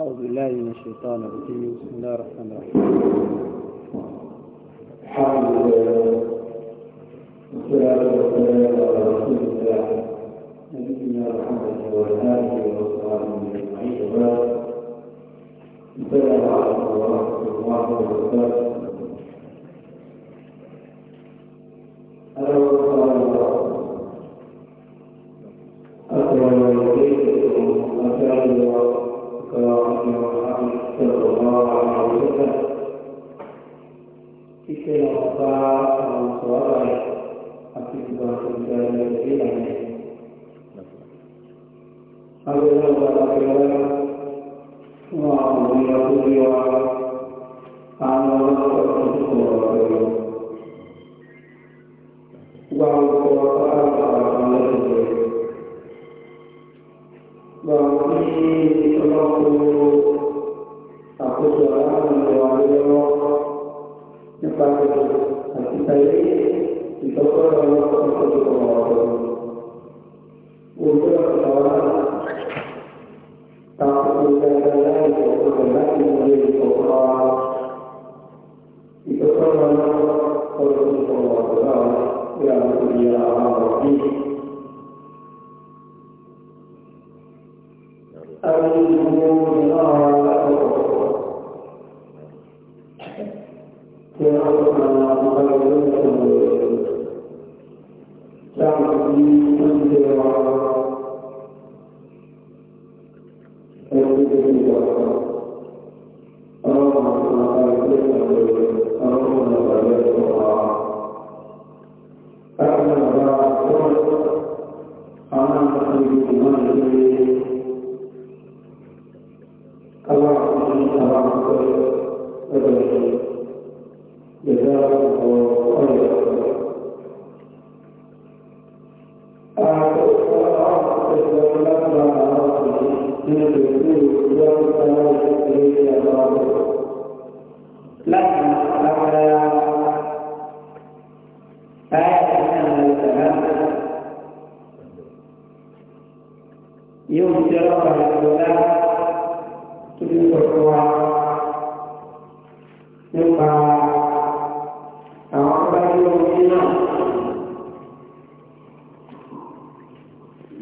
أعوذ بالله من الشيطان الرجيم بسم الله الرحمن الرحيم الحمد لله والصلاة والسلام على رسول الله نبينا محمد وصحبه أجمعين السلام عليكم ورحمة الله وبركاته Amen. Uh -huh.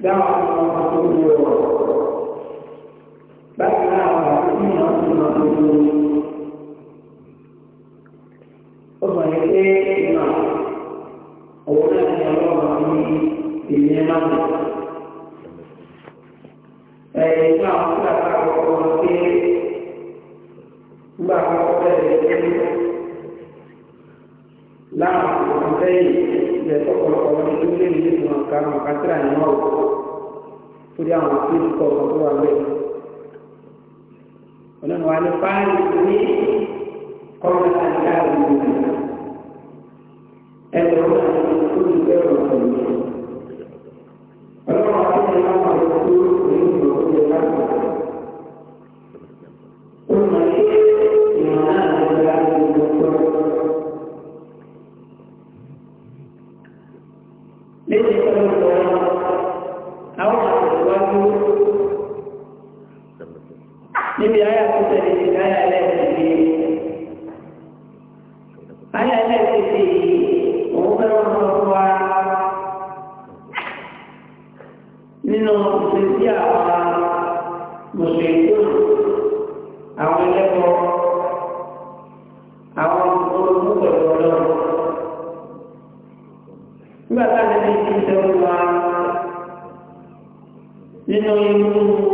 dáwà àwọn àti ìlú ọ̀rọ̀ bákan náà wà ní ìrántí ìmọ̀ tuntun ó mọ̀ ní pé ìmọ̀ òun náà ní ọlọ́run ní ìlú náà ẹ̀yìn náà wọ́n ti àgbà àkọ́kọ́ wọn pé nígbà àkọ́kọ́ bẹ̀rẹ̀ ẹ̀yìn láàrín torí àwọn akéwì kọ̀ọ̀kan tó wà lẹ́yìn. ọlọ́run wa ní báyìí ní kọ́ńtà àti àrùn ìgbìmọ̀ ẹ̀rọ náà ní olùgbẹ́rọ̀ ọ̀sẹ̀ yìí. nínú inú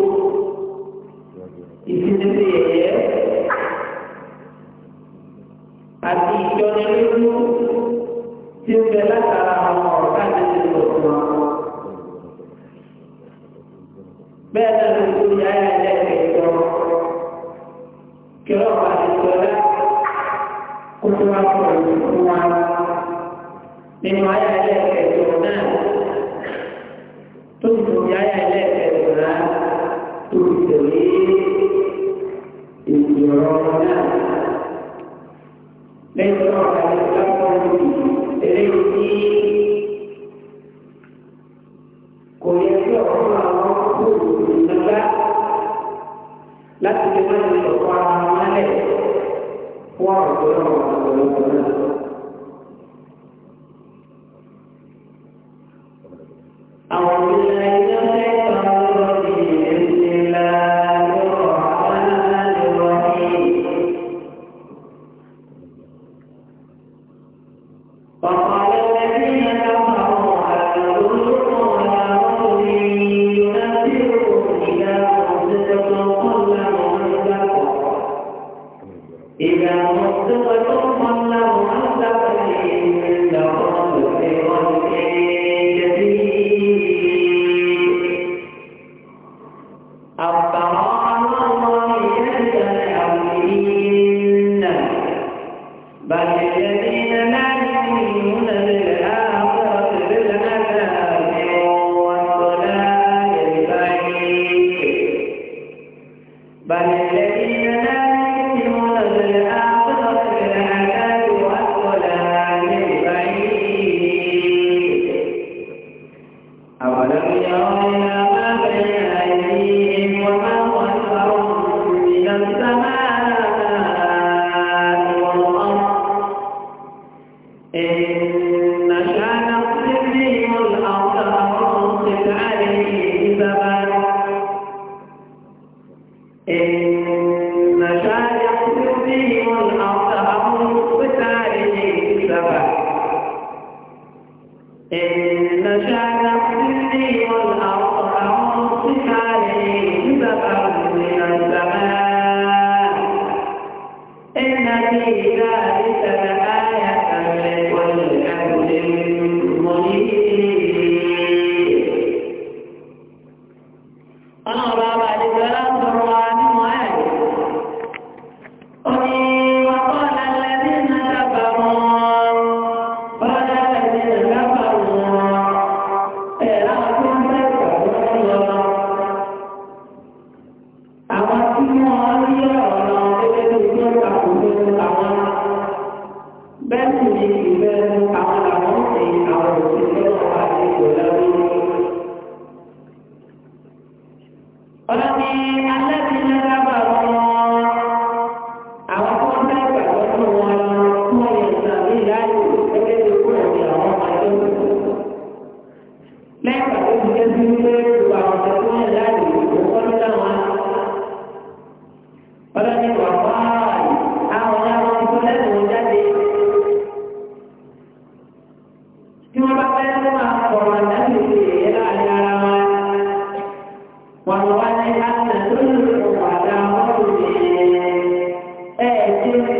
Thank you.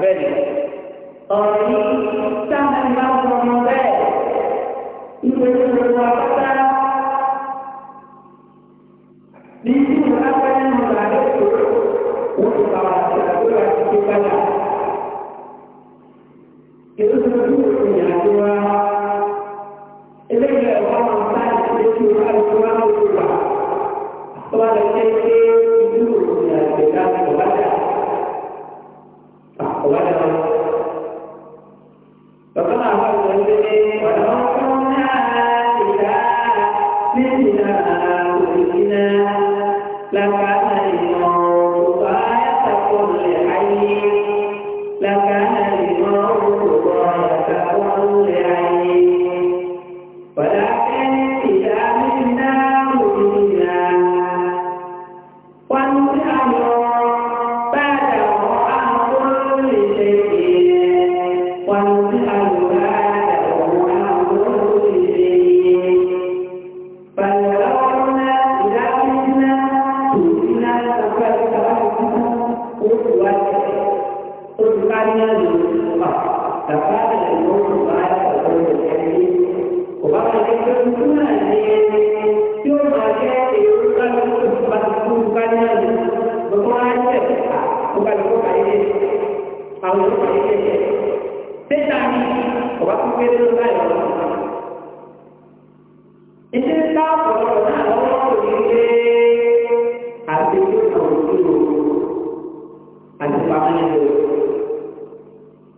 abẹ́rẹ́ ọ̀rọ̀ yìí sáà ní bá àwọn ìlú kan ní kéde tẹ́tà ní ọba tó kéré ló báyìí lọ́wọ́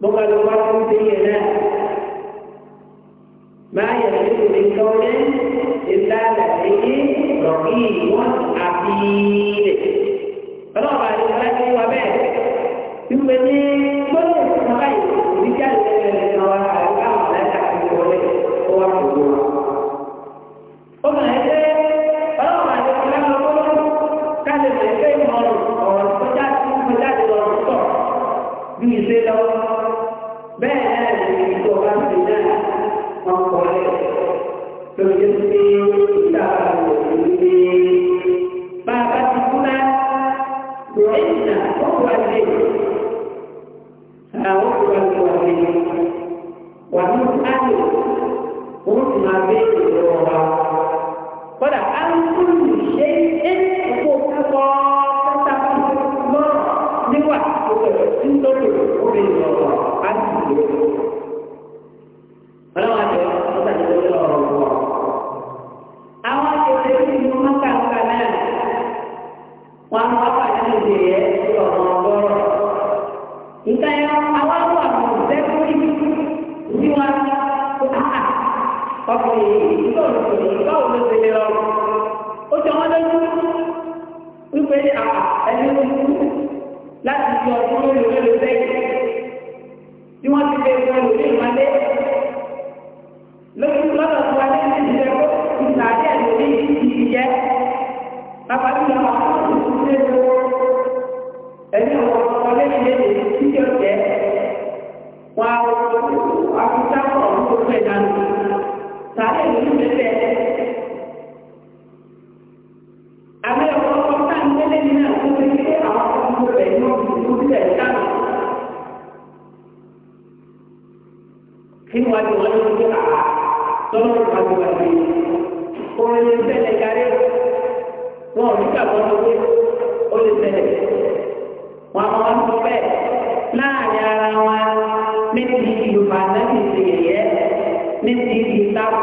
بقى لو رأوا سيئنا ما يحدث من كون إلا لديه رقيب عقيد فلو بعد ذلك وبعد ثم كل خير رجال الذين نوى الأمر لا تحمل هو الحضور níbi ìtakò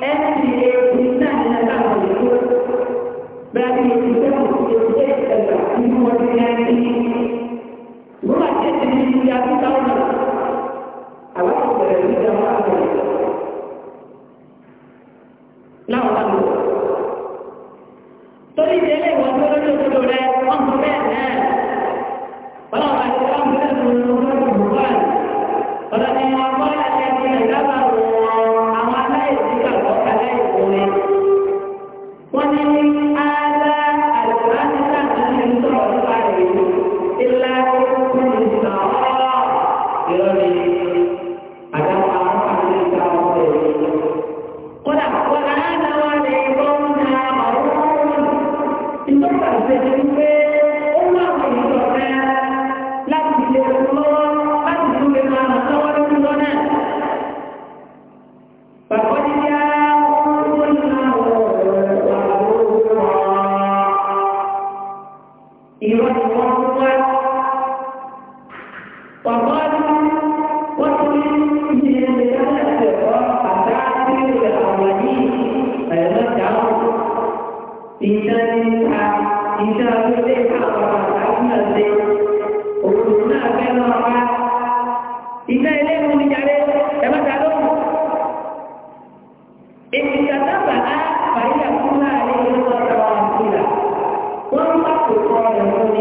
Thank you. máa wá iná ilé ìlú mi jáde ẹ̀mọ́ ta ló mú. Èkìtà sábà á fàyè fún láàrin ìlú ọ̀sán wọn sílà. Wọ́n ń bá kò kọ́ ọ̀rọ̀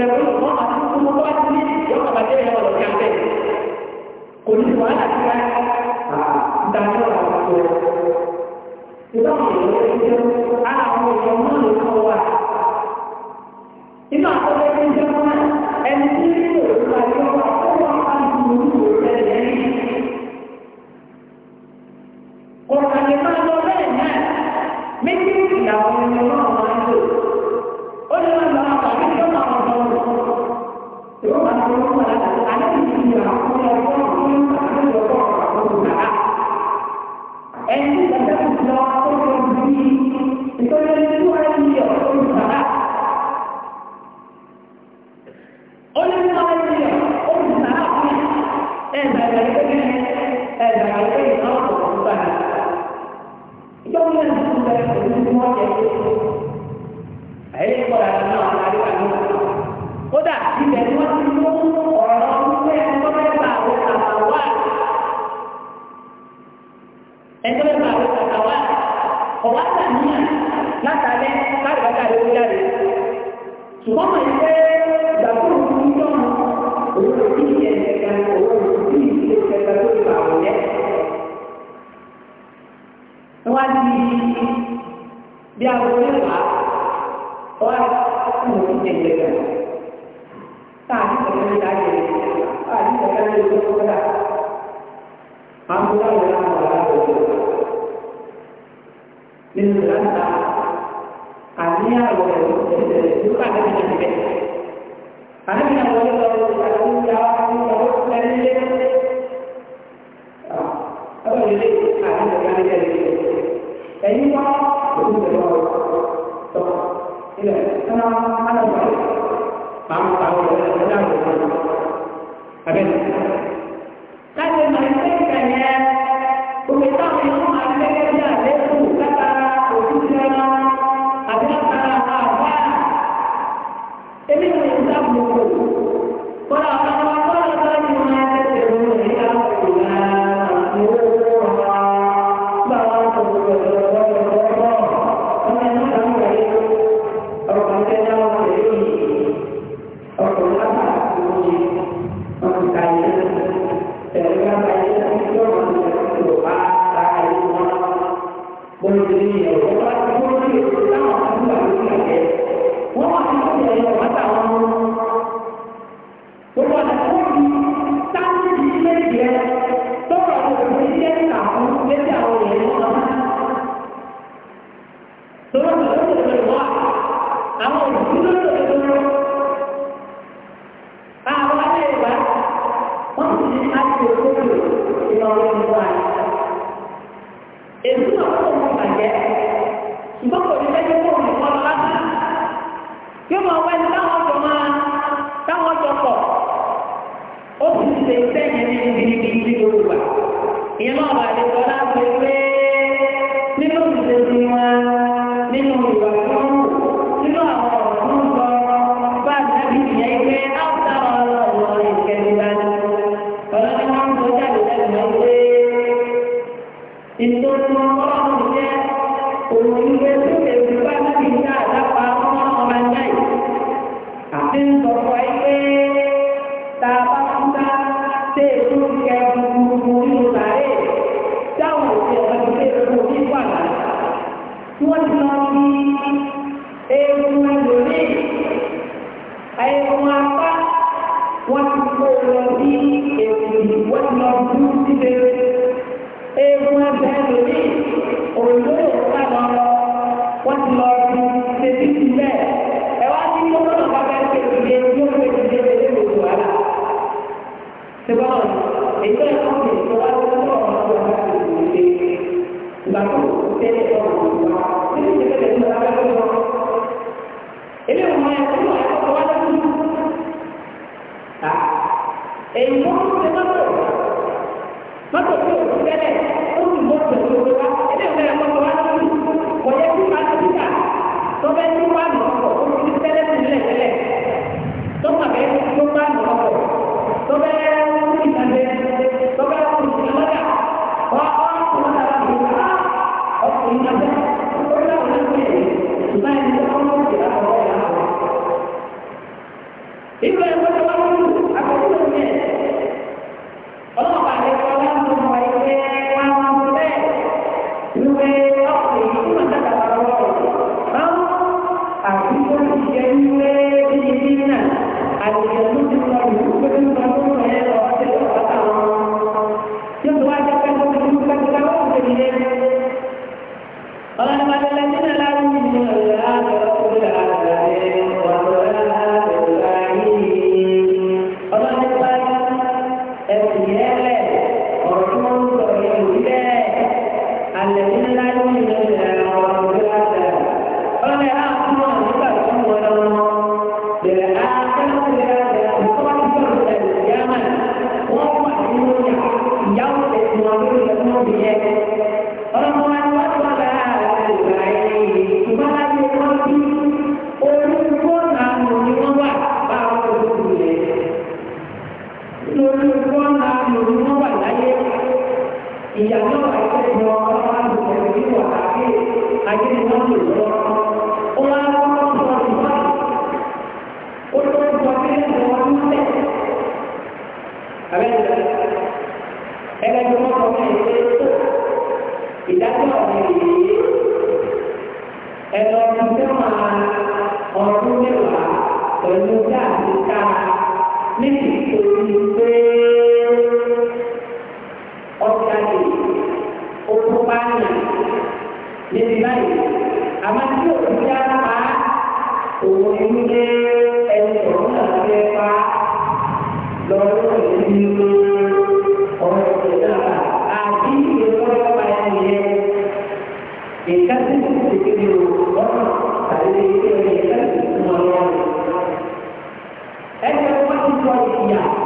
ìbẹ̀rù wọn àti gbogbo tó bá ti ní yọ bàbá jẹ́ ìyá ọ̀rọ̀ kan bẹ́ẹ̀. Kò ní wàhálà sí ká dájọ́ àwọn ọ̀rọ̀. Ìgbà wọn yóò wọlé jẹ́ ara àwọn èèyàn náà ló kọ́ wa. Nínú àkọsílẹ̀ tó ń jẹ́ ẹni tí ó dia bolehlah orang mesti jaga. Tadi sekali lagi, tadi sekali lagi tu kita hampir dalam dalam dalam dalam. Ini berapa? Adanya boleh juga dengan jaga. Adanya boleh kalau kita punya orang yang boleh sendiri. Apa jadi? Adanya sekali lagi. Jadi kalau Tahu-tahu dia sedang Habis kó lọ sí èsì wọ́n lọ bú síbẹ̀ eégún ẹgbẹ́ lórí òòlù ìpàdán wọ́n ti lọ sí tètè sílẹ̀ ẹ wá sí tó lọ́nà bá bẹ́ẹ̀ ṣe ìdíje tí ó fẹ́ ìdíje lè lè lò wàhálà. ṣùgbọ́n èyí ẹ̀ kọ́ mi tó wá sí ọ̀rọ̀ tó wà láti lè ṣe ìgbà tó tẹ́lẹ̀ ọ̀rọ̀ tó wà títí tẹ́lẹ̀ tó wà láti lọ. eléyìí wọ́n máa ń El mundo ọlọ́dún bá tẹ́lẹ̀ Yeah.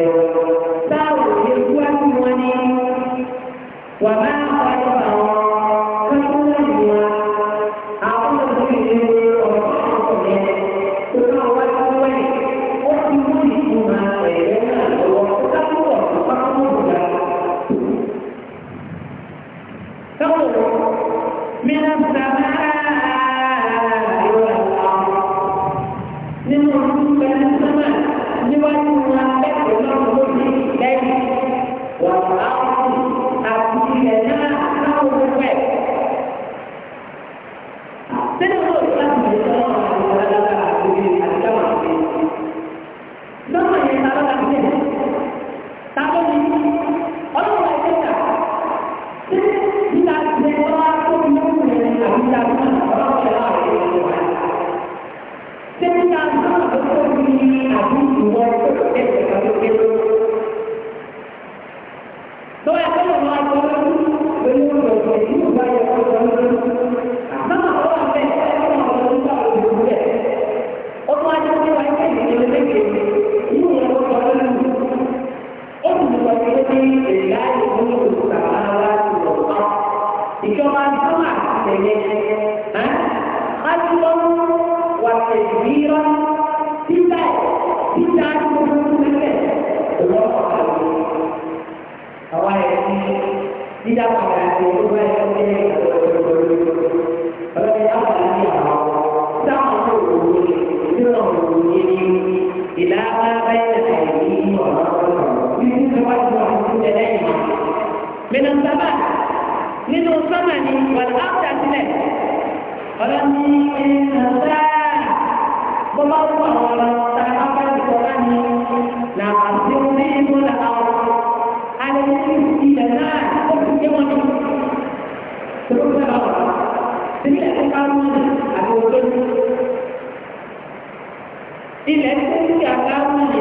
leo. Sawa, ilikuwa ni mwanini wa mama طبعا سمع خلقا وتدبيرا في البيت في البيت من البيت الله هو يأتي إذا كان هو يأتي فلن يأخذ فيها تعرض سرهم إلى ما بين أيديهم وما خلفهم من السماء ni do samani wal afta sine ala ni nasa ko ma wa wala ta amba ko ani na asimi bul aw ala ni ti da na ko ke mo ni to ko ba sine ko ka mo ni ako to ni ile ko ya ka mo ni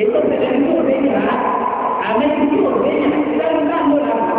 Entonces, el mismo venía, a México venía, y la verdad no la verdad.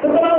Thank you.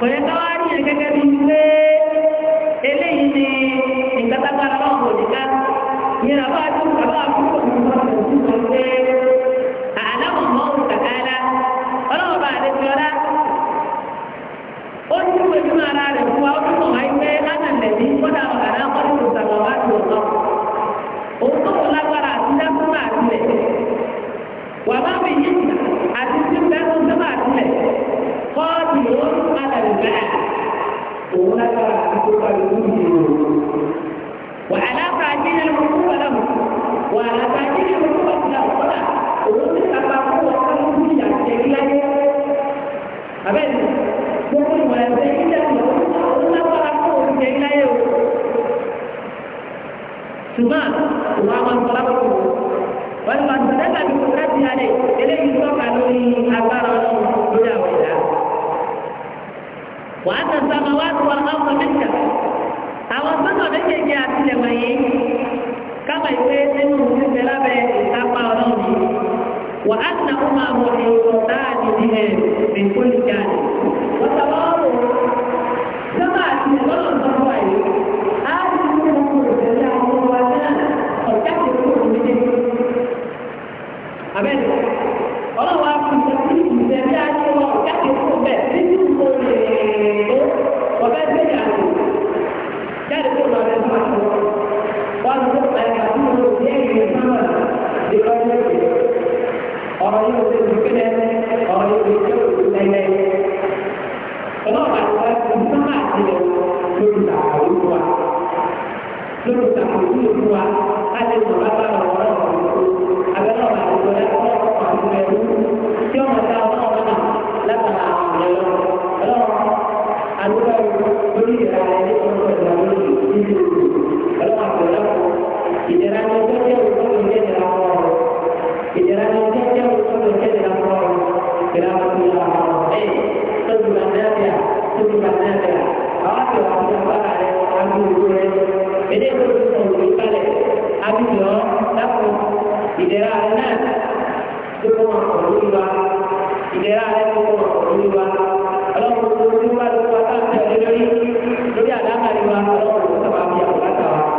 pẹ̀lú náà